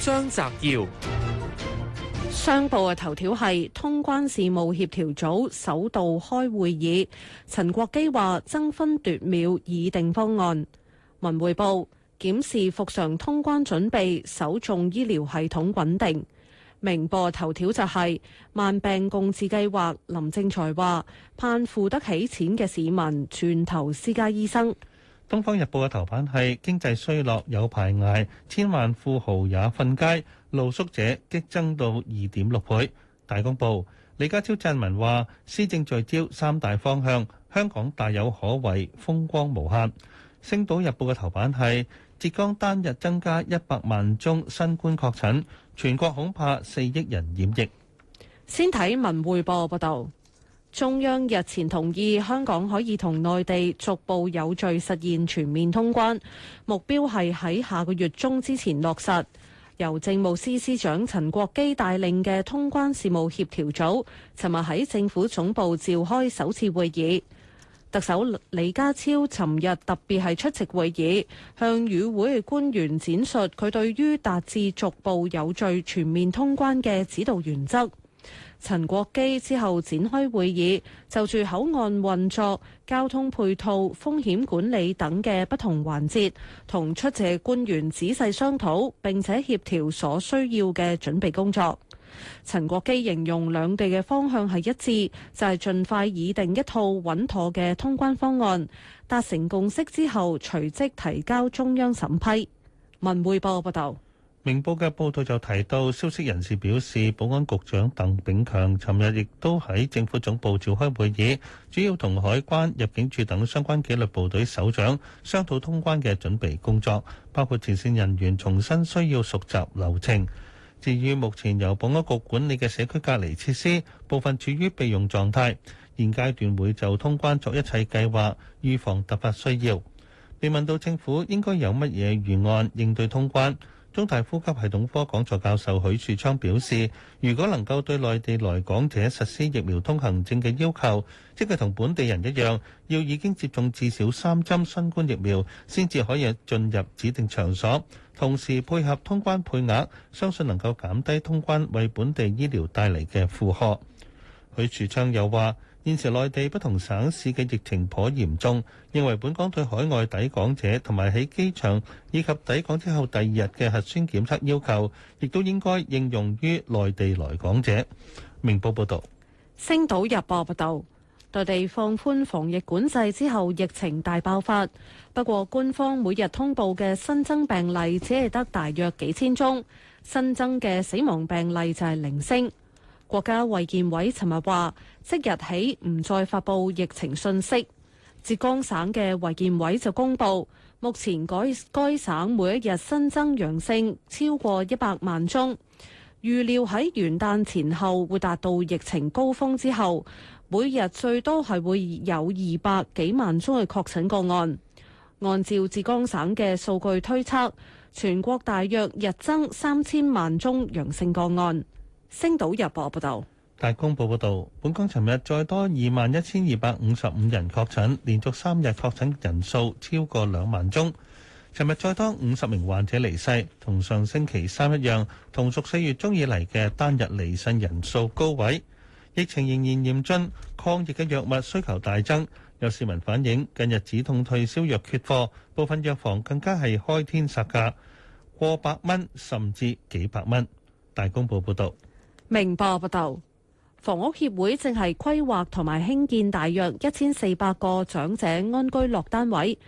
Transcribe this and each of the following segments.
張澤堯，商報嘅頭條係通關事務協調組首度開會議，陳國基話爭分奪秒擬定方案。文匯報檢視復常通關準備，首重醫療系統穩定。明報頭條就係慢病共治計劃，林正財話盼付得起錢嘅市民轉投私家醫生。《東方日報》嘅頭版係經濟衰落有排捱，千萬富豪也瞓街，露宿者激增到二點六倍。大公報李家超撰文話：施政聚焦三大方向，香港大有可為，風光無限。《星島日報》嘅頭版係浙江單日增加一百萬宗新冠確診，全國恐怕四億人染疫。先睇文匯報報道。中央日前同意香港可以同內地逐步有序實現全面通關，目標係喺下個月中之前落實。由政務司司長陳國基帶領嘅通關事務協調組，尋日喺政府總部召開首次會議。特首李家超尋日特別係出席會議，向與會官員展述佢對於達至逐步有序全面通關嘅指導原則。陳國基之後展開會議，就住口岸運作、交通配套、風險管理等嘅不同環節，同出席官員仔細商討，並且協調所需要嘅準備工作。陳國基形容兩地嘅方向係一致，就係、是、盡快擬定一套穩妥嘅通關方案，達成共識之後，隨即提交中央審批。文匯報報道。明報嘅報道就提到，消息人士表示，保安局長鄧炳強尋日亦都喺政府總部召開會議，主要同海關、入境處等相關紀律部隊首長商討通關嘅準備工作，包括前線人員重新需要熟習流程。至於目前由保安局管理嘅社區隔離設施，部分處於備用狀態，現階段會就通關作一切計劃，預防突發需要。被問到政府應該有乜嘢預案應對通關？中大呼吸系統科講座教授許樹昌表示，如果能夠對內地來港者實施疫苗通行證嘅要求，即係同本地人一樣，要已經接種至少三針新冠疫苗先至可以進入指定場所，同時配合通關配額，相信能夠減低通關為本地醫療帶嚟嘅負荷。許樹昌又話。現時內地不同省市嘅疫情頗嚴重，認為本港對海外抵港者同埋喺機場以及抵港之後第二日嘅核酸檢測要求，亦都應該應用於內地來港者。明報報導，星島日報報道，內地放寬防疫管制之後，疫情大爆發。不過，官方每日通報嘅新增病例只係得大約幾千宗，新增嘅死亡病例就係零星。國家衛健委尋日話，即日起唔再發佈疫情信息。浙江省嘅衛健委就公布，目前該該省每一日新增陽性超過一百萬宗，預料喺元旦前後會達到疫情高峰。之後每日最多係會有二百幾萬宗嘅確診個案。按照浙江省嘅數據推測，全國大約日增三千萬宗陽性個案。星島日報報道，大公報報道，本港尋日再多二萬一千二百五十五人確診，連續三日確診人數超過兩萬宗。尋日再多五十名患者離世，同上星期三一樣，同屬四月中以嚟嘅單日離世人數高位。疫情仍然嚴峻，抗疫嘅藥物需求大增。有市民反映，近日止痛退燒藥缺貨，部分藥房更加係開天殺價，過百蚊，甚至幾百蚊。大公報報道。明報報道，房屋協會正係規劃同埋興建大約一千四百個長者安居樂單位。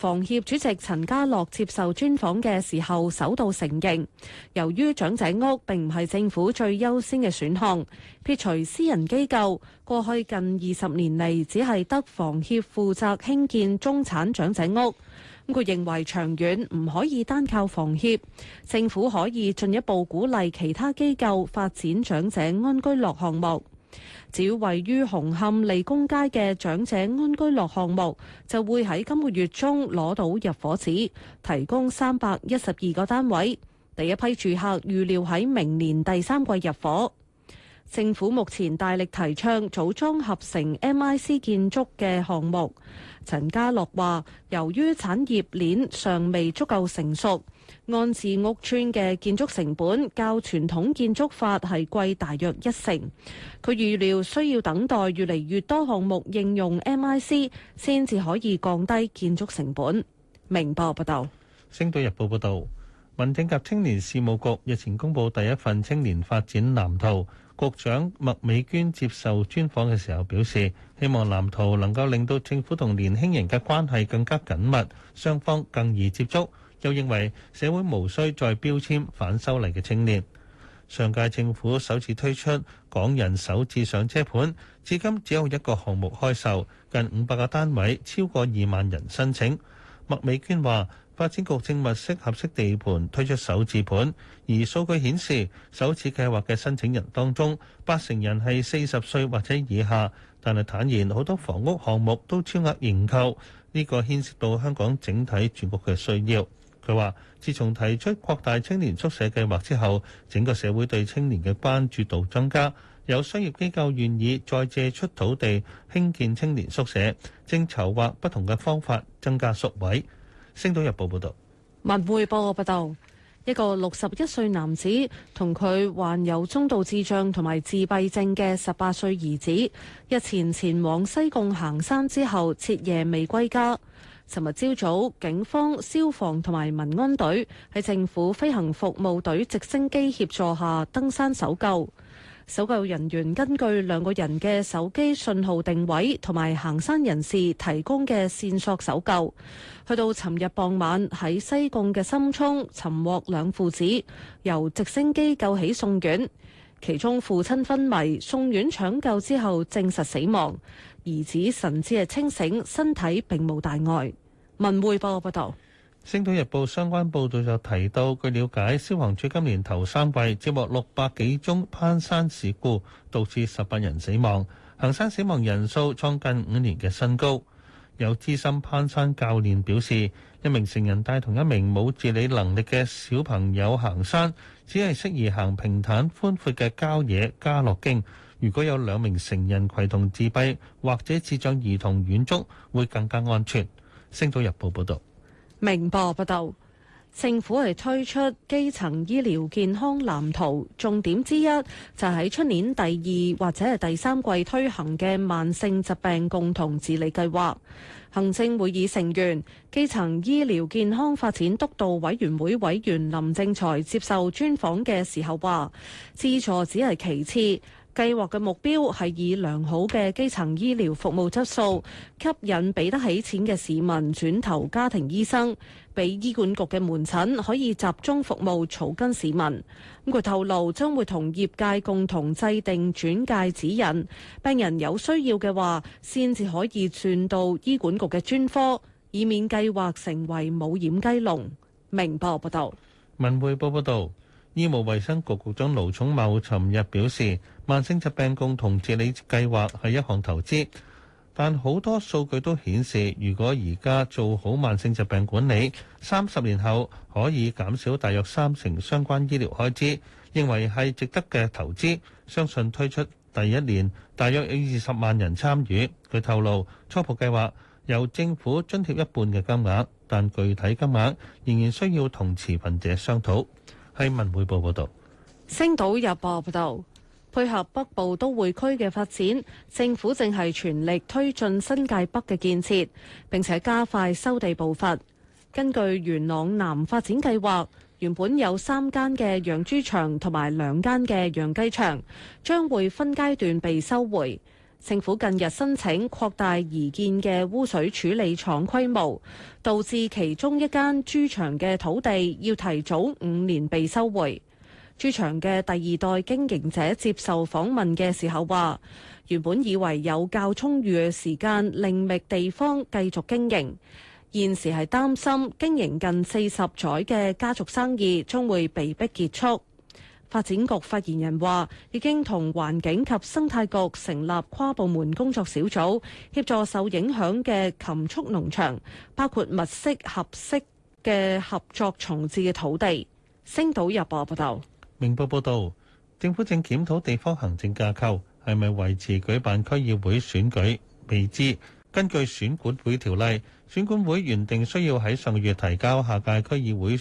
房協主席陳家樂接受專訪嘅時候，首度承認，由於長者屋並唔係政府最優先嘅選項，撇除私人機構，過去近二十年嚟，只係得房協負責興建，建中產長者屋。咁佢認為長遠唔可以單靠房協，政府可以進一步鼓勵其他機構發展長者安居樂項目。至於位於紅磡利工街嘅長者安居樂項目，就會喺今個月中攞到入伙紙，提供三百一十二個單位。第一批住客預料喺明年第三季入伙。政府目前大力提倡組裝合成 MIC 建築嘅項目。陳家洛話，由於產業鏈尚未足夠成熟。按自屋村嘅建築成本，較傳統建築法係貴大約一成。佢預料需要等待越嚟越多項目應用 MIC，先至可以降低建築成本。明報報道。《星島日報》報道，民政及青年事務局日前公布第一份青年發展藍圖。局長麥美娟接受專訪嘅時候表示，希望藍圖能夠令到政府同年輕人嘅關係更加緊密，雙方更易接觸。又認為社會無需再標籤反修例嘅青年。上屆政府首次推出港人首次上車盤，至今只有一個項目開售，近五百個單位，超過二萬人申請。麥美娟話：發展局正物色合適地盤推出首次盤，而數據顯示首次計劃嘅申請人當中，八成人係四十歲或者以下。但係坦言，好多房屋項目都超額認購，呢、這個牽涉到香港整體住屋嘅需要。佢話：自從提出擴大青年宿舍計劃之後，整個社會對青年嘅關注度增加，有商業機構願意再借出土地興建青年宿舍，正籌劃不同嘅方法增加宿位。星島日報報道。文匯報報道：一個六十一歲男子同佢患有中度智障同埋自閉症嘅十八歲兒子，日前前往西貢行山之後，徹夜未歸家。尋日朝早，警方、消防同埋民安隊喺政府飛行服務隊直升機協助下登山搜救，搜救人員根據兩個人嘅手機信號定位同埋行山人士提供嘅線索搜救，去到尋日傍晚喺西貢嘅深涌尋獲兩父子，由直升機救起送院，其中父親昏迷，送院搶救之後證實死亡。兒子神志係清醒，身體並無大礙。文匯報報道，《星島日報》相關報導就提到，據了解，消防處今年頭三季接獲六百幾宗攀山事故，導致十八人死亡，行山死亡人數創近五年嘅新高。有資深攀山教練表示，一名成人帶同一名冇自理能力嘅小朋友行山，只係適宜行平坦寬闊嘅郊野、家樂徑。如果有兩名成人攜同自閉或者智障兒童遠足，會更加安全。星島日報報道。明報報道，政府係推出基層醫療健康藍圖，重點之一就喺出年第二或者係第三季推行嘅慢性疾病共同治理計劃。行政會議成員、基層醫療健康發展督導委員會委員林正財接受專訪嘅時候話，自助只係其次。計劃嘅目標係以良好嘅基層醫療服務質素，吸引俾得起錢嘅市民轉投家庭醫生，俾醫管局嘅門診可以集中服務草根市民。咁佢透露將會同業界共同制定轉介指引，病人有需要嘅話，先至可以轉到醫管局嘅專科，以免計劃成為冇掩雞籠。明報報道，文匯報報道。醫務衛生局局長盧寵茂尋日表示，慢性疾病共同治理計劃係一項投資，但好多數據都顯示，如果而家做好慢性疾病管理，三十年後可以減少大約三成相關醫療開支，認為係值得嘅投資，相信推出第一年，大約有二十萬人參與，佢透露，初步計劃由政府津貼一半嘅金額，但具體金額仍然需要同持份者商討。《新聞匯報》報導，《星島日報》報導，配合北部都會區嘅發展，政府正係全力推進新界北嘅建設，並且加快收地步伐。根據元朗南發展計劃，原本有三間嘅養豬場同埋兩間嘅養雞場，將會分階段被收回。政府近日申請擴大擬建嘅污水處理廠規模，導致其中一間豬場嘅土地要提早五年被收回。豬場嘅第二代經營者接受訪問嘅時候話，原本以為有較充裕嘅時間另覓地方繼續經營，現時係擔心經營近四十載嘅家族生意將會被迫結束。發展局發言人話，已經同環境及生態局成立跨部門工作小組，協助受影響嘅禽畜農場，包括物色合適嘅合作重置嘅土地。星島日報報道，明報報道，政府正檢討地方行政架構，係咪維持舉辦區議會選舉未知。根據選管會條例，選管會原定需要喺上個月提交下屆區議會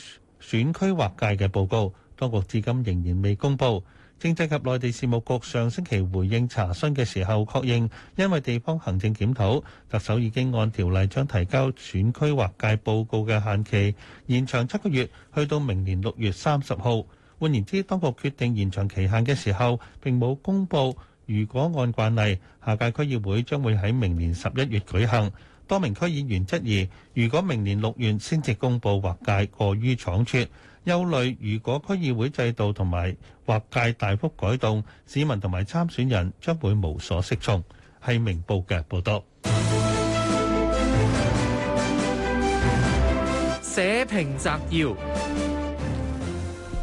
選區劃界嘅報告。當局至今仍然未公布。政制及內地事務局上星期回應查詢嘅時候，確認因為地方行政檢討，特首已經按條例將提交選區劃界報告嘅限期延長七個月，去到明年六月三十號。換言之，當局決定延長期限嘅時候，並冇公布。如果按慣例，下屆區議會將會喺明年十一月舉行。多名區議員質疑，如果明年六月先至公佈劃界，過於倉促。憂慮，如果區議會制度同埋劃界大幅改動，市民同埋參選人將會無所適從。係明報嘅報導。社評摘要：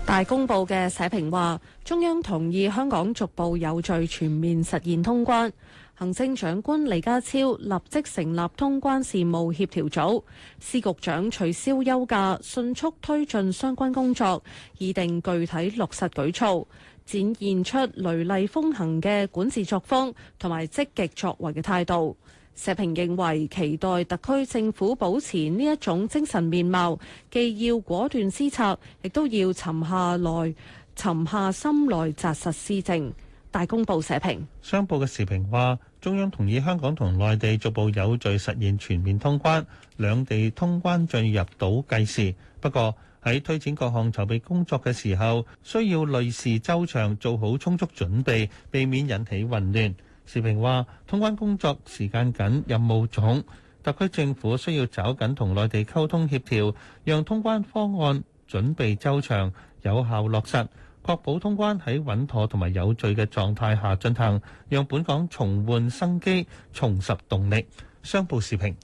大公報嘅社評話：中央同意香港逐步有序全面實現通關。行政長官李家超立即成立通關事務協調組，司局長取消休假，迅速推進相關工作，擬定具體落實舉措，展現出雷厲風行嘅管治作風同埋積極作為嘅態度。社評認為，期待特區政府保持呢一種精神面貌，既要果斷施策，亦都要沉下來、沉下心來紮實施政。大公報社評商報嘅時評話，中央同意香港同內地逐步有序實現全面通關，兩地通關進入倒計時。不過喺推展各項籌備工作嘅時候，需要慮事周詳，做好充足準備，避免引起混亂。時評話，通關工作時間緊，任務重，特區政府需要抓緊同內地溝通協調，讓通關方案準備周詳，有效落實。確保通關喺穩妥同埋有序嘅狀態下進行，讓本港重換生機、重拾動力。商報時評。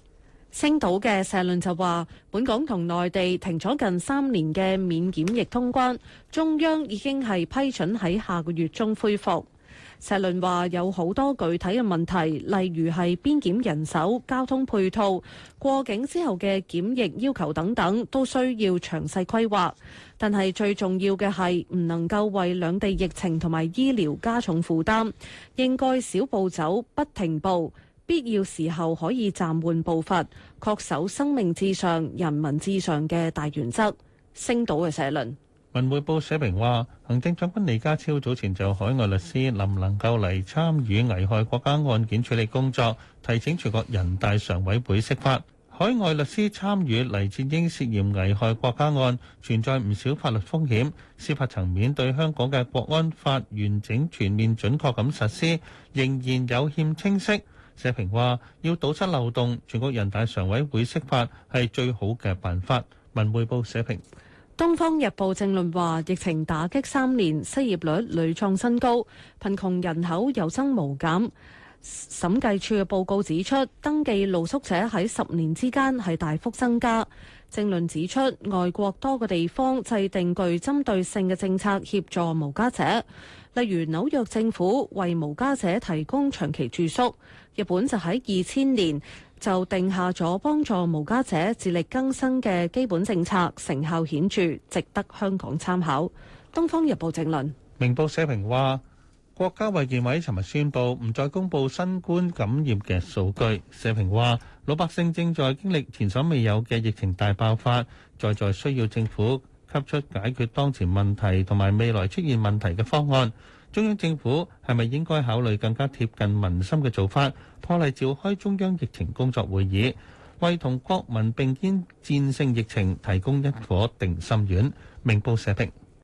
星島嘅社論就話：本港同內地停咗近三年嘅免檢疫通關，中央已經係批准喺下個月中恢復。社論話有好多具體嘅問題，例如係邊檢人手、交通配套、過境之後嘅檢疫要求等等，都需要詳細規劃。但係最重要嘅係唔能夠為兩地疫情同埋醫療加重負擔，應該小步走，不停步，必要時候可以暫緩步伐，恪守生命至上、人民至上嘅大原則。星島嘅社論。文匯報社評話，行政長官李家超早前就海外律師能唔能夠嚟參與危害國家案件處理工作，提請全國人大常委會釋法。海外律師參與黎智英涉嫌危害國家案，存在唔少法律風險。司法層面對香港嘅《國安法》完整、全面、準確咁實施，仍然有欠清晰。社評話，要堵塞漏洞，全國人大常委會釋法係最好嘅辦法。文匯報社評。《東方日報》正論話：疫情打擊三年，失業率累創新高，貧窮人口有增無減。審計處嘅報告指出，登記露宿者喺十年之間係大幅增加。正論指出，外國多個地方制定具針對性嘅政策協助無家者，例如紐約政府為無家者提供長期住宿，日本就喺二千年。就定下咗幫助無家者自力更生嘅基本政策，成效顯著，值得香港參考。《東方日報》正論，《明報》社評話，國家衛健委尋日宣布唔再公佈新冠感染嘅數據。社評話，老百姓正在經歷前所未有嘅疫情大爆發，在在需要政府給出解決當前問題同埋未來出現問題嘅方案。中央政府係咪應該考慮更加貼近民心嘅做法，破例召開中央疫情工作會議，為同國民並肩戰勝疫情提供一顆定心丸？明報社評。